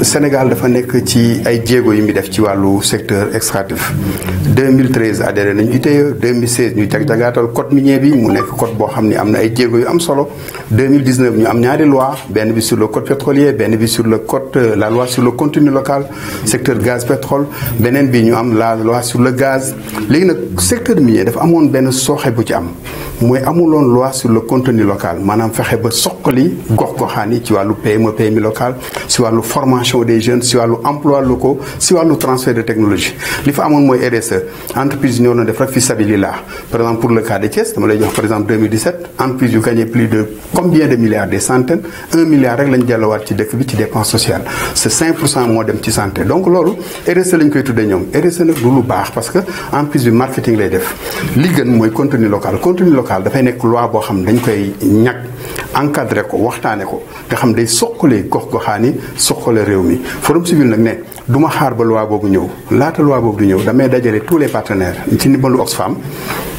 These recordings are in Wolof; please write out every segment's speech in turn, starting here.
Sénégal dafa nekk ci ay jéego yi mu def ci wàllu secteur extractif 2013 adhéré nañu ITIE 2016 ñu jag jagaatal code minier bi mu nekk code boo xam ni am na ay jéego yu am solo 2019 ñu am ñaari loi benn bi sur le code pétrolier benn bi sur le code euh, la loi sur le contenu local secteur gaz pétrole beneen bi ñu am laa loi sur le gaz léegi nag secteur minier dafa amoon benn sooxe bu ci am mooy amuloon loi sur le contenu locale maanaam fexe ba soqali gox goxaan yi ci wàllu PME PMI e local ci wàllu formation formation des jeunes si wàllu emploi locaux si wàllu transfert de technologie li fa amoon mooy RSE entreprise ñoo doon def rek fi sabilillah par exemple pour le cas de Thiès dama lay jox par exemple 2017 entreprise yu gagné plus de combien de milliards des centaines un milliard rek lañ jàllawaat ci dëkk bi ci dépense sociale c'est moo dem ci santé donc loolu RSE lañ koy tuddee ñoom RSE nag du lu baax parce que entreprise bi marketing lay def li gën mooy contenu local contenu local dafay nekk boo xam dañ koy ñag encadré ko waxtaane xam day soqalee gox goxaan yi soqale réew mi forum civil nag ne du ma xaar ba loi boobu ñëw laata loi boobu du ñëw damay dajale tous les partenaires ci ndimbalu Oxfam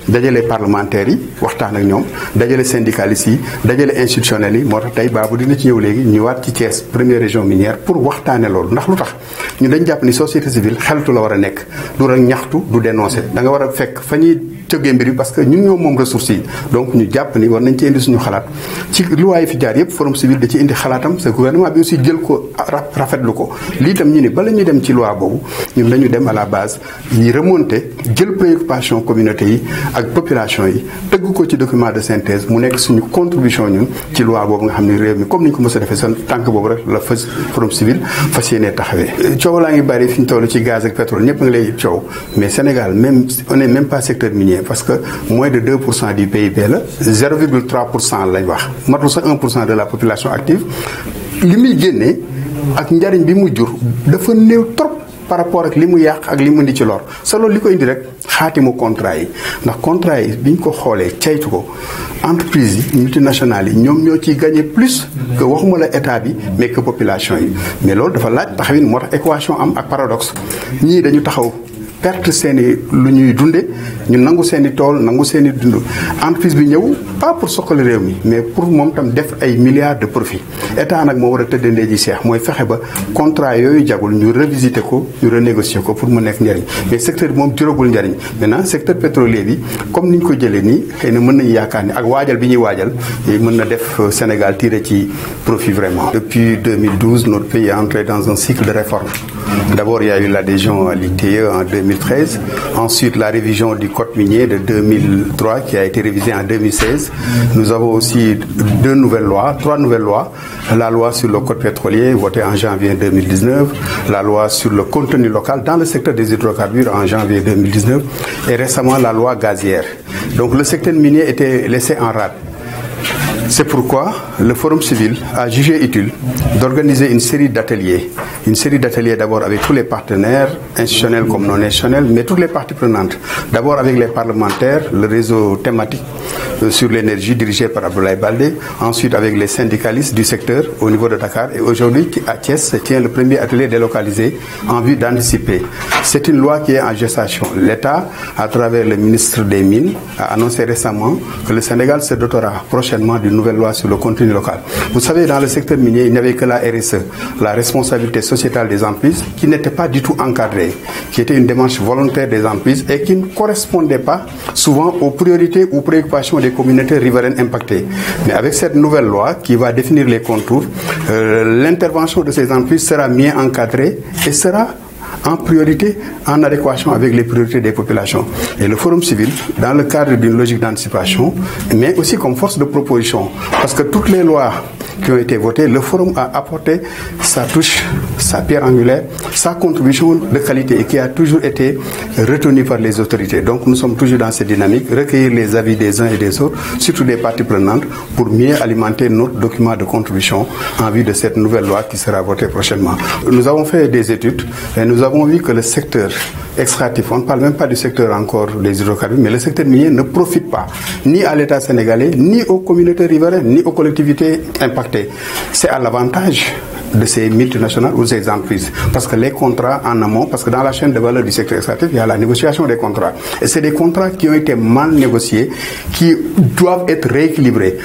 dajale parlementaires yi waxtaan ak ñoom dajale syndicalistes yi dajale institutionnels yi moo tax tey baabu dina ci ñëw léegi ñëwaat ci Thiès première région minière pour waxtaane loolu ndax lu tax ñu dañ jàpp ni société civile xeltu la war a nekk du rek ñaxtu du dénoncer da war a fekk fa ñuy tëggee mbir bi parce que ñun ñoo moom ressources yi donc ñu jàpp ni war nañ ci indi suñu xalaat ci loi yi fi jaar yëpp forum civil da ci indi xalaatam ce gouvernement bi aussi jël ko rafetlu ko lii tam ñu ne bala ñu dem ci loi boobu ñun dañu dem à la base ñu remonté jël préoccupation communauté yi ak population yi tëgg ko ci document de synthèse mu nekk suñu contribution ñun ci loi boobu nga xam ne réew mi comme ni ñu ko mos a defee seen tànk boobu rek la fas forum civil fas yéenee taxawee euh, coow laa ñu toll ci gaz ak ñëpp nga lay coow mais Sénégal même on est même pas secteur parce que moins de 2 pour cent du PIB la 0,3 pour cent lañ wax matul sax 1 pour cent de la population active li muy génnee ak njariñ bi mu jur dafa néew trop par rapport ak li mu yàq ak li mu indi ci lor sa loolu li ko indi rek xaatimu contrat yi ndax contrat yi bi ñu ko xoolee caytu ko entreprise yi nationale yi ñoom ñoo ciy gagné plus que waxuma la état bi mais que yi mais loolu dafa laaj taxawin moo tax équation am ak paradoxe ñii dañu taxaw perte seeni lu ñuy dunde ñu nangu seen i tool nangu seen i dund entreprise bi ñëw pas pour soxla réew mi mais pour moom tam def ay milliards de profit état nag moo war a tëddee ndey ji seex mooy fexe ba contrat yooyu jagul ñu revisiter ko ñu renégocier ko pour mu nekk njariñ mais secteur bi moom juróogul njariñ na secteur pétrolier bi comme ni ñu ko jëlee nii xëy na mën nañu yaakaar ni ak waajal bi ñuy waajal eh, mën na def euh, Sénégal tiré ci profit vraiment. depuis 2012 notre pays est cycle de réforme d'abord il y a eu l'adhésion à l'ITIE en 2013 ensuite code minier de 2003 qui a été révisé en 2016. Nous avons aussi deux nouvelles lois, trois nouvelles lois. La loi sur le code pétrolier votée en janvier 2019, le contenu local dans le secteur des en janvier 2019 et récemment la loi gazière. Donc le secteur minier était laissé en rade. C'est pourquoi le Forum civil a jugé utile d'organiser une série d'ateliers. Une série d'ateliers d'abord avec tous les partenaires, institutionnels comme non institutionnels, mais toutes les parties prenantes. D'abord avec les parlementaires, le réseau thématique euh, sur l'énergie dirigé par Abdoulaye Baldé, ensuite avec les syndicalistes du secteur au niveau de Dakar et aujourd'hui à Thiès se tient le premier atelier délocalisé en vue d'anticiper C'est une loi qui est en gestation. L'État, à travers le ministre des Mines, a annoncé récemment que le Sénégal se dotera prochainement d'une nouvelle loi sur le contenu local. Vous savez, dans le secteur minier, il n'y avait que la RSE, la responsabilité sociétale des entreprises, qui n'était pas du tout encadrée, qui était une démarche volontaire des entreprises et qui ne correspondait pas souvent aux priorités ou préoccupations des communautés riveraines impactées. Mais avec cette nouvelle loi qui va définir les contours, euh, l'intervention de ces entreprises sera mieux encadrée et en priorité, en adéquation avec les priorités des populations. Et le Forum civil, dans le cadre d'une logique d'anticipation, mais aussi comme force de proposition, parce que toutes les lois qui ont été votées, le Forum a apporté sa touche, sa pierre angulaire, sa contribution de qualité et qui a toujours été retenue par les autorités. Donc nous sommes toujours dans cette dynamique, recueillir les avis des uns et des autres, surtout des parties prenantes, pour mieux alimenter notre document de de cette nouvelle loi qui sera votée prochainement. Nous avons avons vu que le secteur extractif, on ne parle même pas du secteur encore des hydrocarbures, mais le secteur minier ne profite pas ni à l'État sénégalais, ni aux communautés riveraines, ni aux collectivités impactées. C'est à l'avantage de ces multinationales ou ces entreprises. Parce que les contrats en amont, parce que dans la chaîne de valeur du secteur extractif, il y a la négociation des contrats. qui ont été mal négociés, qui doivent être rééquilibrés,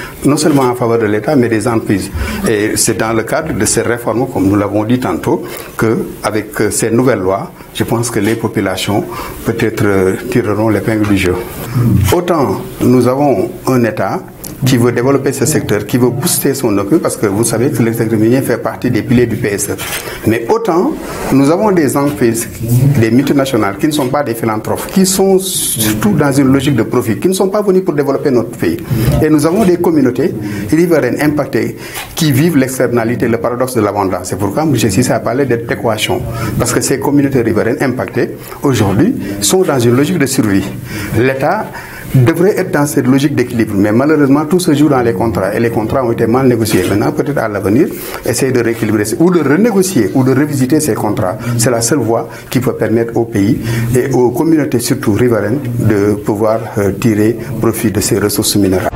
le cadre de nouvelle loi, je pense que les populations peut-être euh, tireront l'épingle du jeu. Autant nous avons un État qui veut développer ce secteur, qui veut booster son économie, parce que vous savez que le secteur minier fait partie des piliers du PSE. Mais autant, nous avons des entreprises, des multinationales, qui ne sont pas des philanthropes, qui sont surtout dans une logique de profit, qui ne sont pas venus pour développer notre pays. Et nous avons des communautés riveraines impactées qui vivent l'externalité, le paradoxe de l'abondance. C'est pourquoi je suis à parler d'équation, parce que ces communautés riveraines impactées, de survie. devrait être dans cette logique d'équilibre. Mais malheureusement, tout se joue dans les contrats. Et les contrats ont été mal négociés. Maintenant, peut-être à l'avenir, essayer de rééquilibrer ou de renégocier ou de revisiter ces contrats. C'est la seule voie qui peut permettre au pays et aux communautés, surtout riveraines, de pouvoir euh, tirer profit de ces ressources minérales.